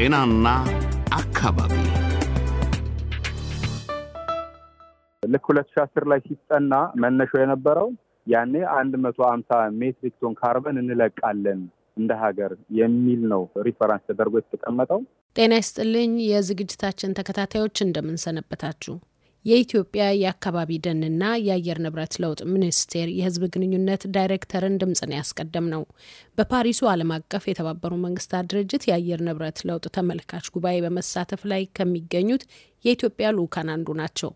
ጤናና አካባቢ ልክ ሁለት ሺ አስር ላይ ሲጠና መነሻው የነበረው ያኔ አንድ መቶ አምሳ ሜትሪክ ቶን ካርበን እንለቃለን እንደ ሀገር የሚል ነው ሪፈራንስ ተደርጎ የተቀመጠው። ጤና ይስጥልኝ የዝግጅታችን ተከታታዮች እንደምንሰነበታችሁ። የኢትዮጵያ የአካባቢ ደንና የአየር ንብረት ለውጥ ሚኒስቴር የሕዝብ ግንኙነት ዳይሬክተርን ድምፅ ነው ያስቀደም ነው። በፓሪሱ ዓለም አቀፍ የተባበሩ መንግስታት ድርጅት የአየር ንብረት ለውጥ ተመልካች ጉባኤ በመሳተፍ ላይ ከሚገኙት የኢትዮጵያ ልዑካን አንዱ ናቸው።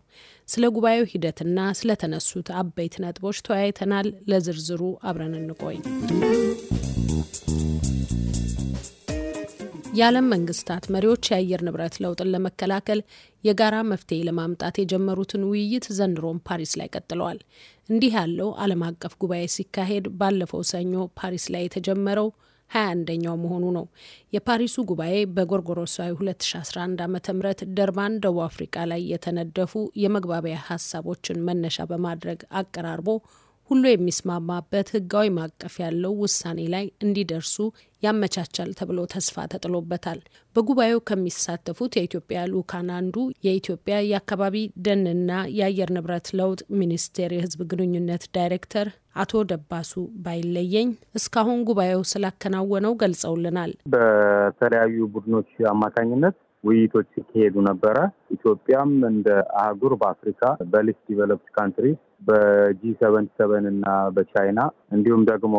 ስለ ጉባኤው ሂደትና ስለተነሱት አበይት ነጥቦች ተወያይተናል። ለዝርዝሩ አብረን እንቆይ። የዓለም መንግስታት መሪዎች የአየር ንብረት ለውጥን ለመከላከል የጋራ መፍትሄ ለማምጣት የጀመሩትን ውይይት ዘንድሮም ፓሪስ ላይ ቀጥለዋል። እንዲህ ያለው ዓለም አቀፍ ጉባኤ ሲካሄድ ባለፈው ሰኞ ፓሪስ ላይ የተጀመረው ሀያ አንደኛው መሆኑ ነው። የፓሪሱ ጉባኤ በጎርጎሮሳዊ 2011 ዓ ም ደርባን ደቡብ አፍሪቃ ላይ የተነደፉ የመግባቢያ ሀሳቦችን መነሻ በማድረግ አቀራርቦ ሁሉ የሚስማማበት ህጋዊ ማቀፍ ያለው ውሳኔ ላይ እንዲደርሱ ያመቻቻል ተብሎ ተስፋ ተጥሎበታል። በጉባኤው ከሚሳተፉት የኢትዮጵያ ልኡካን አንዱ የኢትዮጵያ የአካባቢ ደንና የአየር ንብረት ለውጥ ሚኒስቴር የህዝብ ግንኙነት ዳይሬክተር አቶ ደባሱ ባይለየኝ እስካሁን ጉባኤው ስላከናወነው ገልጸውልናል። በተለያዩ ቡድኖች አማካኝነት ውይይቶች ሲካሄዱ ነበረ። ኢትዮጵያም እንደ አህጉር በአፍሪካ በሊስት ዲቨሎፕድ ካንትሪ በጂ ሰቨን ሰቨን እና በቻይና እንዲሁም ደግሞ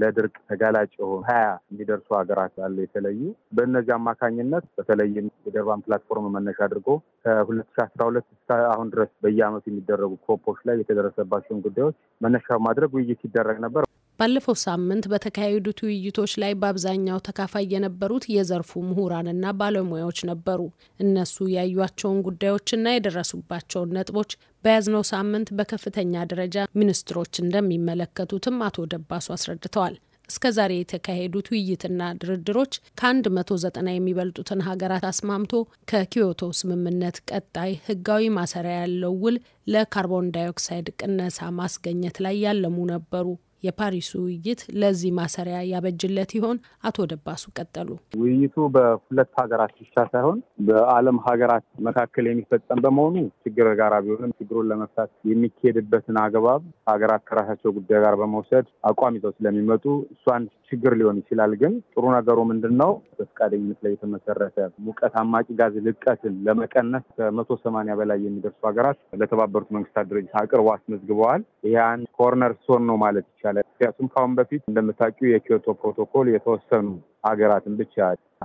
ለድርቅ ተጋላጭ የሆኑ ሀያ የሚደርሱ ሀገራት አሉ የተለዩ በእነዚህ አማካኝነት በተለይም የደርባን ፕላትፎርም መነሻ አድርጎ ከሁለት ሺ አስራ ሁለት እስከ አሁን ድረስ በየአመቱ የሚደረጉ ኮፖች ላይ የተደረሰባቸውን ጉዳዮች መነሻ ማድረግ ውይይት ሲደረግ ነበር። ባለፈው ሳምንት በተካሄዱት ውይይቶች ላይ በአብዛኛው ተካፋይ የነበሩት የዘርፉ ምሁራንና ባለሙያዎች ነበሩ። እነሱ ያዩቸውን ጉዳዮችና የደረሱባቸውን ነጥቦች በያዝነው ሳምንት በከፍተኛ ደረጃ ሚኒስትሮች እንደሚመለከቱትም አቶ ደባሱ አስረድተዋል። እስከ ዛሬ የተካሄዱት ውይይትና ድርድሮች ከ ዘጠና የሚበልጡትን ሀገራት አስማምቶ ከኪዮቶ ስምምነት ቀጣይ ህጋዊ ማሰሪያ ያለው ውል ለካርቦን ዳይኦክሳይድ ቅነሳ ማስገኘት ላይ ያለሙ ነበሩ። የፓሪሱ ውይይት ለዚህ ማሰሪያ ያበጅለት ይሆን? አቶ ደባሱ ቀጠሉ። ውይይቱ በሁለት ሀገራት ብቻ ሳይሆን በዓለም ሀገራት መካከል የሚፈጸም በመሆኑ ችግር ጋር ቢሆንም ችግሩን ለመፍታት የሚካሄድበትን አግባብ ሀገራት ከራሳቸው ጉዳይ ጋር በመውሰድ አቋም ይዘው ስለሚመጡ እሱ አንድ ችግር ሊሆን ይችላል። ግን ጥሩ ነገሩ ምንድን ነው? በፈቃደኝነት ላይ የተመሰረተ ሙቀት አማቂ ጋዝ ልቀትን ለመቀነስ ከመቶ ሰማንያ በላይ የሚደርሱ ሀገራት ለተባበሩት መንግስታት ድርጅት አቅርቦ አስመዝግበዋል። ይህ አንድ ኮርነር ሶን ነው ማለት ይቻላል ምክንያቱም ከአሁን በፊት እንደምታውቂው የኪዮቶ ፕሮቶኮል የተወሰኑ ሀገራትን ብቻ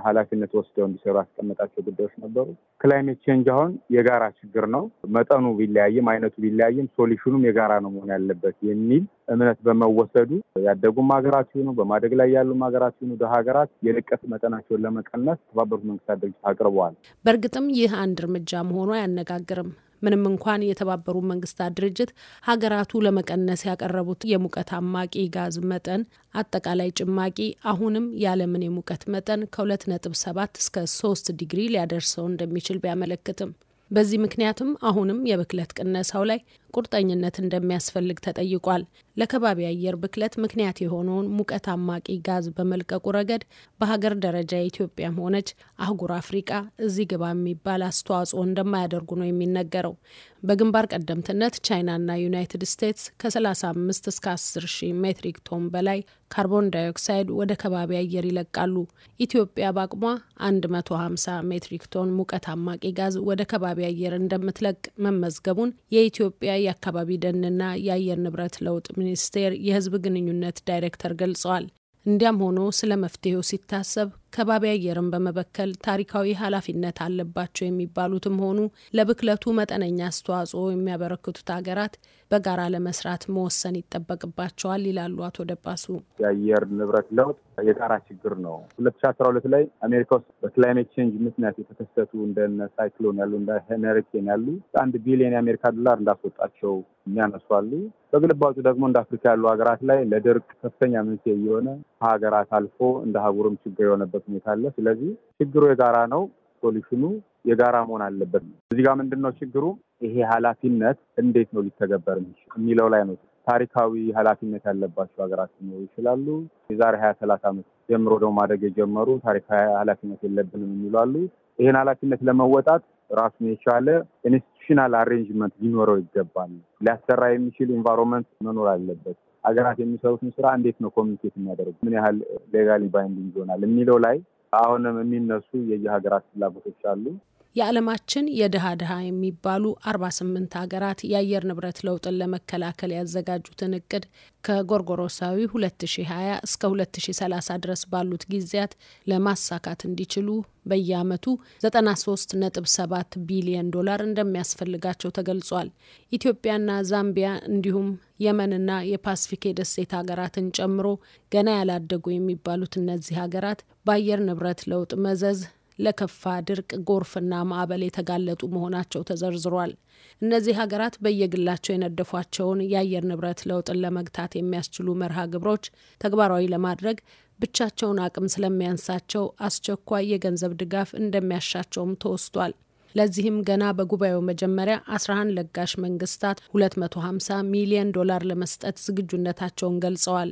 ኃላፊነት ወስደው እንዲሰሩ ያስቀመጣቸው ጉዳዮች ነበሩ። ክላይሜት ቼንጅ አሁን የጋራ ችግር ነው። መጠኑ ቢለያይም አይነቱ ቢለያይም ሶሉሽኑም የጋራ ነው መሆን ያለበት የሚል እምነት በመወሰዱ ያደጉም ሀገራት ሲሆኑ በማደግ ላይ ያሉም ሀገራት ሲሆኑ ደሀ ሀገራት የልቀት መጠናቸውን ለመቀነስ የተባበሩት መንግስታት ድርጅት አቅርበዋል። በእርግጥም ይህ አንድ እርምጃ መሆኑ አያነጋግርም። ምንም እንኳን የተባበሩ መንግስታት ድርጅት ሀገራቱ ለመቀነስ ያቀረቡት የሙቀት አማቂ ጋዝ መጠን አጠቃላይ ጭማቂ አሁንም ያለምን የሙቀት መጠን ከ2.7 እስከ 3 ዲግሪ ሊያደርሰው እንደሚችል ቢያመለክትም በዚህ ምክንያትም አሁንም የብክለት ቅነሳው ላይ ቁርጠኝነት እንደሚያስፈልግ ተጠይቋል። ለከባቢ አየር ብክለት ምክንያት የሆነውን ሙቀት አማቂ ጋዝ በመልቀቁ ረገድ በሀገር ደረጃ ኢትዮጵያም ሆነች አህጉር አፍሪቃ እዚህ ግባ የሚባል አስተዋጽኦ እንደማያደርጉ ነው የሚነገረው። በግንባር ቀደምትነት ቻይናና ዩናይትድ ስቴትስ ከ35 እስከ 10 ሺህ ሜትሪክ ቶን በላይ ካርቦን ዳይኦክሳይድ ወደ ከባቢ አየር ይለቃሉ። ኢትዮጵያ በአቅሟ 150 ሜትሪክ ቶን ሙቀት አማቂ ጋዝ ወደ ከባቢ አየር እንደምትለቅ መመዝገቡን የኢትዮጵያ የአካባቢ ደንና የአየር ንብረት ለውጥ ሚኒስቴር የህዝብ ግንኙነት ዳይሬክተር ገልጸዋል። እንዲያም ሆኖ ስለ መፍትሄው ሲታሰብ ከባቢ አየርን በመበከል ታሪካዊ ኃላፊነት አለባቸው የሚባሉትም ሆኑ ለብክለቱ መጠነኛ አስተዋጽኦ የሚያበረክቱት ሀገራት በጋራ ለመስራት መወሰን ይጠበቅባቸዋል ይላሉ አቶ ደባሱ። የአየር ንብረት ለውጥ የጋራ ችግር ነው። ሁለት ሺ አስራ ሁለት ላይ አሜሪካ ውስጥ በክላይሜት ቼንጅ ምክንያት የተከሰቱ እንደነ ሳይክሎን ያሉ እንደ ሄነሪኬን ያሉ አንድ ቢሊዮን የአሜሪካ ዶላር እንዳስወጣቸው የሚያነሷሉ። በግልባጩ ደግሞ እንደ አፍሪካ ያሉ ሀገራት ላይ ለድርቅ ከፍተኛ መንስኤ የሆነ ከሀገራት አልፎ እንደ ሀገሩም ችግር የሆነበት ሁኔታ አለ። ስለዚህ ችግሩ የጋራ ነው፣ ሶሉሽኑ የጋራ መሆን አለበት። እዚህ ጋር ምንድን ነው ችግሩ? ይሄ ኃላፊነት እንዴት ነው ሊተገበር የሚለው ላይ ነው። ታሪካዊ ኃላፊነት ያለባቸው ሀገራት ሊኖሩ ይችላሉ። የዛሬ ሀያ ሰላሳ ዓመት ጀምሮ ደግሞ ማደግ የጀመሩ ታሪካዊ ኃላፊነት የለብንም የሚሉ አሉ። ይህን ኃላፊነት ለመወጣት ራሱን የቻለ ኢንስቲቱሽናል አሬንጅመንት ሊኖረው ይገባል። ሊያሰራ የሚችል ኢንቫይሮንመንት መኖር አለበት። ሀገራት የሚሰሩትን ስራ እንዴት ነው ኮሚኒኬት የሚያደርጉ ምን ያህል ሌጋሊ ባይንዲንግ ይሆናል የሚለው ላይ አሁንም የሚነሱ የየሀገራት ፍላጎቶች አሉ። የዓለማችን የድሃ ድሃ የሚባሉ 48 ሀገራት የአየር ንብረት ለውጥን ለመከላከል ያዘጋጁትን እቅድ ከጎርጎሮሳዊ 2020 እስከ 2030 ድረስ ባሉት ጊዜያት ለማሳካት እንዲችሉ በየዓመቱ 93.7 ቢሊዮን ዶላር እንደሚያስፈልጋቸው ተገልጿል። ኢትዮጵያና ዛምቢያ እንዲሁም የመንና የፓስፊክ የደሴት ሀገራትን ጨምሮ ገና ያላደጉ የሚባሉት እነዚህ ሀገራት በአየር ንብረት ለውጥ መዘዝ ለከፋ ድርቅ፣ ጎርፍና ማዕበል የተጋለጡ መሆናቸው ተዘርዝሯል። እነዚህ ሀገራት በየግላቸው የነደፏቸውን የአየር ንብረት ለውጥን ለመግታት የሚያስችሉ መርሃ ግብሮች ተግባራዊ ለማድረግ ብቻቸውን አቅም ስለሚያንሳቸው አስቸኳይ የገንዘብ ድጋፍ እንደሚያሻቸውም ተወስቷል። ለዚህም ገና በጉባኤው መጀመሪያ 11 ለጋሽ መንግስታት 250 ሚሊዮን ዶላር ለመስጠት ዝግጁነታቸውን ገልጸዋል።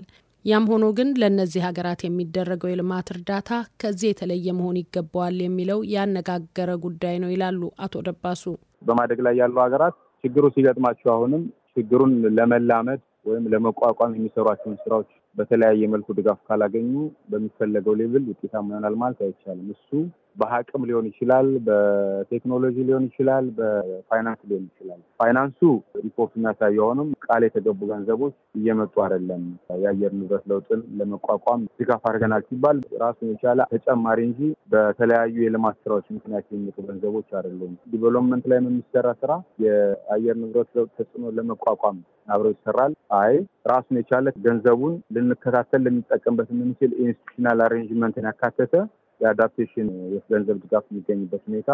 ያም ሆኖ ግን ለእነዚህ ሀገራት የሚደረገው የልማት እርዳታ ከዚህ የተለየ መሆን ይገባዋል የሚለው ያነጋገረ ጉዳይ ነው ይላሉ አቶ ደባሱ። በማደግ ላይ ያሉ ሀገራት ችግሩ ሲገጥማቸው አሁንም ችግሩን ለመላመድ ወይም ለመቋቋም የሚሰሯቸውን ስራዎች በተለያየ መልኩ ድጋፍ ካላገኙ በሚፈለገው ሌቭል ውጤታማ ይሆናል ማለት አይቻልም። እሱ በሀቅም ሊሆን ይችላል፣ በቴክኖሎጂ ሊሆን ይችላል፣ በፋይናንስ ሊሆን ይችላል። ፋይናንሱ ሪፖርት የሚያሳየ ሆኖም ቃል የተገቡ ገንዘቦች እየመጡ አይደለም። የአየር ንብረት ለውጥን ለመቋቋም ድጋፍ አድርገናል ሲባል ራሱን የቻለ ተጨማሪ እንጂ በተለያዩ የልማት ስራዎች ምክንያት የሚመጡ ገንዘቦች አይደሉም። ዲቨሎፕመንት ላይ የሚሰራ ስራ የአየር ንብረት ለውጥ ተጽዕኖ ለመቋቋም አብሮ ይሰራል። አይ ራሱን የቻለ ገንዘቡን ልንከታተል ልንጠቀምበት የምንችል ኢንስቲቱሽናል አሬንጅመንትን ያካተተ የአዳፕቴሽን የገንዘብ ድጋፍ የሚገኝበት ሁኔታ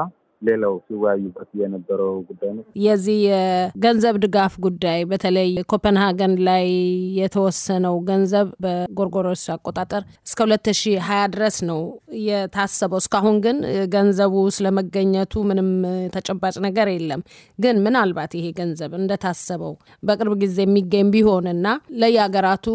ሌላው ሲወያዩበት የነበረው ጉዳይ ነው። የዚህ የገንዘብ ድጋፍ ጉዳይ በተለይ ኮፐንሃገን ላይ የተወሰነው ገንዘብ በጎርጎሮስ አቆጣጠር እስከ ሁለት ሺህ ሀያ ድረስ ነው የታሰበው። እስካሁን ግን ገንዘቡ ስለመገኘቱ ምንም ተጨባጭ ነገር የለም። ግን ምናልባት ይሄ ገንዘብ እንደታሰበው በቅርብ ጊዜ የሚገኝ ቢሆንና ለየሀገራቱ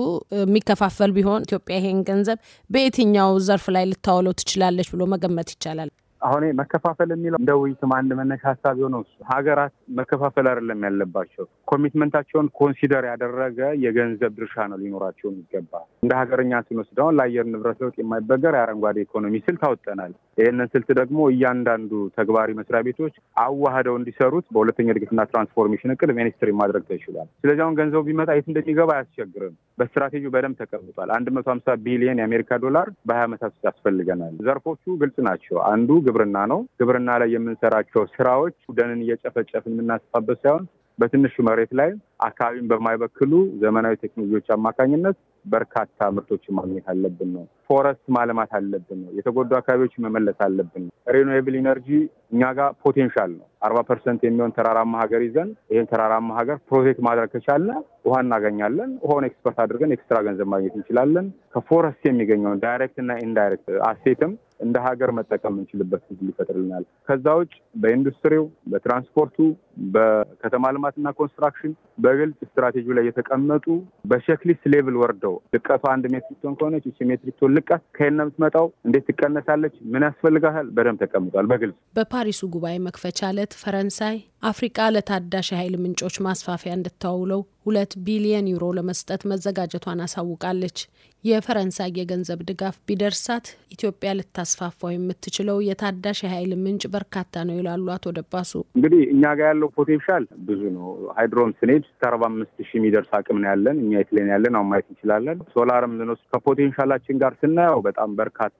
የሚከፋፈል ቢሆን ኢትዮጵያ ይሄን ገንዘብ በየትኛው ዘርፍ ላይ ልታውለው ትችላለች ብሎ መገመት ይቻላል? አሁን መከፋፈል የሚለው እንደ ውይይትም አንድ መነሻ ሀሳብ የሆነው ሀገራት መከፋፈል አይደለም ያለባቸው። ኮሚትመንታቸውን ኮንሲደር ያደረገ የገንዘብ ድርሻ ነው ሊኖራቸው የሚገባ። እንደ ሀገርኛ ስንወስደውን ለአየር ንብረት ለውጥ የማይበገር የአረንጓዴ ኢኮኖሚ ስልት አውጠናል። ይህንን ስልት ደግሞ እያንዳንዱ ተግባሪ መስሪያ ቤቶች አዋህደው እንዲሰሩት በሁለተኛ እድገትና ትራንስፎርሜሽን እቅድ ሚኒስትሪ ማድረግ ተችሏል። ስለዚህ አሁን ገንዘቡ ቢመጣ የት እንደሚገባ አያስቸግርም። በስትራቴጂው በደንብ ተቀምጧል። አንድ መቶ ሀምሳ ቢሊየን የአሜሪካ ዶላር በሀያ ዓመታት ውስጥ ያስፈልገናል። ዘርፎቹ ግልጽ ናቸው። አንዱ ግብርና ነው። ግብርና ላይ የምንሰራቸው ስራዎች ደንን እየጨፈጨፍን የምናስፋበት ሳይሆን በትንሹ መሬት ላይ አካባቢን በማይበክሉ ዘመናዊ ቴክኖሎጂዎች አማካኝነት በርካታ ምርቶችን ማግኘት አለብን ነው። ፎረስት ማልማት አለብን ነው። የተጎዱ አካባቢዎች መመለስ አለብን ነው። ሪኖዌብል ኢነርጂ እኛ ጋር ፖቴንሻል ነው። አርባ ፐርሰንት የሚሆን ተራራማ ሀገር ይዘን ይህን ተራራማ ሀገር ፕሮቴክት ማድረግ ከቻለ ውሃ እናገኛለን። ውሃውን ኤክስፐርት አድርገን ኤክስትራ ገንዘብ ማግኘት እንችላለን። ከፎረስት የሚገኘውን ዳይሬክት እና ኢንዳይሬክት አሴትም እንደ ሀገር መጠቀም እንችልበት ይፈጥርልናል። ከዛ ውጭ በኢንዱስትሪው፣ በትራንስፖርቱ፣ በከተማ ልማትና ኮንስትራክሽን በግልጽ ስትራቴጂ ላይ የተቀመጡ በሸክሊስት ሌቭል ወርደው ልቀቷ አንድ ሜትሪክ ቶን ከሆነች እቺ ሜትሪክ ቶን ልቀት ከየት ነው የምትመጣው? እንዴት ትቀነሳለች? ምን ያስፈልጋል በደንብ ተቀምጧል በግልጽ በፓሪሱ ጉባኤ መክፈቻ ዕለት ፈረንሳይ አፍሪቃ ለታዳሽ የኃይል ምንጮች ማስፋፊያ እንድታውለው ሁለት ቢሊየን ዩሮ ለመስጠት መዘጋጀቷን አሳውቃለች። የፈረንሳይ የገንዘብ ድጋፍ ቢደርሳት ኢትዮጵያ ልታስፋፋው የምትችለው የታዳሽ የኃይል ምንጭ በርካታ ነው ይላሉ አቶ ደባሱ። እንግዲህ እኛ ጋር ያለው ፖቴንሻል ብዙ ነው። ሃይድሮን ስኔድ እስከ አርባ አምስት ሺህ የሚደርስ አቅም ነው ያለን እኛ የትለን ያለን አሁን ማየት እንችላለን። ሶላርም ነው ከፖቴንሻላችን ጋር ስናየው በጣም በርካታ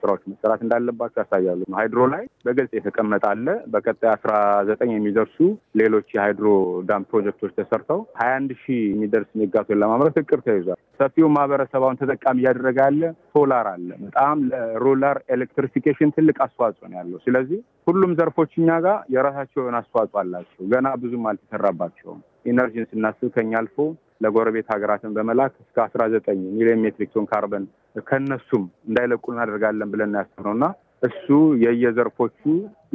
ስራዎች መሰራት እንዳለባቸው ያሳያሉ። ሃይድሮ ላይ በግልጽ የተቀመጠ አለ። በቀጣይ አስራ ዘጠኝ የሚደርሱ ሌሎች የሃይድሮ ዳም ፕሮጀክቶች ተሰርተው ሀያ አንድ ሺህ የሚደርስ ሜጋቶን ለማምረት እቅድ ተይዟል። ሰፊው ማህበረሰብ አሁን ተጠቃሚ እያደረገ ያለ ሶላር አለ። በጣም ለሩላር ኤሌክትሪፊኬሽን ትልቅ አስተዋጽኦ ነው ያለው። ስለዚህ ሁሉም ዘርፎች እኛ ጋር የራሳቸው የሆነ አስተዋጽኦ አላቸው። ገና ብዙም አልተሰራባቸውም። ኢነርጂን ስናስብ ከኛ አልፎ ለጎረቤት ሀገራትን በመላክ እስከ አስራ ዘጠኝ ሚሊዮን ሜትሪክ ቶን ካርበን ከነሱም እንዳይለቁ እናደርጋለን ብለን ያሰብነው እና እሱ የየዘርፎቹ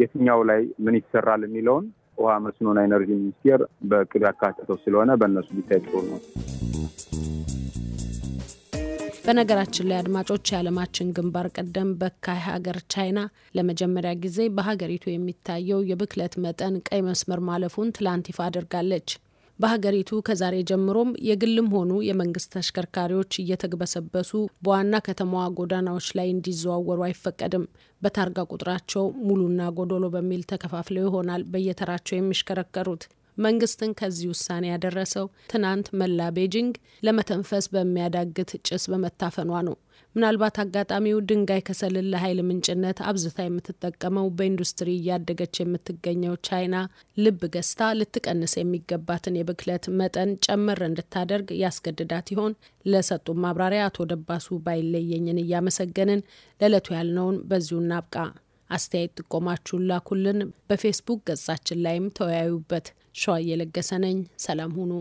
የትኛው ላይ ምን ይሰራል የሚለውን ውሃ መስኖና ኢነርጂ ሚኒስቴር በቅድ ያካተተው ስለሆነ በእነሱ ቢታይ ጥሩ ነው። በነገራችን ላይ አድማጮች የዓለማችን ግንባር ቀደም በካይ ሀገር ቻይና ለመጀመሪያ ጊዜ በሀገሪቱ የሚታየው የብክለት መጠን ቀይ መስመር ማለፉን ትላንት ይፋ አድርጋለች። በሀገሪቱ ከዛሬ ጀምሮም የግልም ሆኑ የመንግስት ተሽከርካሪዎች እየተግበሰበሱ በዋና ከተማዋ ጎዳናዎች ላይ እንዲዘዋወሩ አይፈቀድም። በታርጋ ቁጥራቸው ሙሉና ጎዶሎ በሚል ተከፋፍለው ይሆናል በየተራቸው የሚሽከረከሩት። መንግስትን ከዚህ ውሳኔ ያደረሰው ትናንት መላ ቤጂንግ ለመተንፈስ በሚያዳግት ጭስ በመታፈኗ ነው። ምናልባት አጋጣሚው ድንጋይ ከሰልን ለኃይል ምንጭነት አብዝታ የምትጠቀመው በኢንዱስትሪ እያደገች የምትገኘው ቻይና ልብ ገዝታ ልትቀንስ የሚገባትን የብክለት መጠን ጨመር እንድታደርግ ያስገድዳት ይሆን? ለሰጡን ማብራሪያ አቶ ደባሱ ባይለየኝን እያመሰገንን ለዕለቱ ያልነውን በዚሁ እናብቃ። አስተያየት ጥቆማችሁን ላኩልን። በፌስቡክ ገጻችን ላይም ተወያዩበት። ሸዋ እየለገሰ ነኝ። ሰላም ሁኑ።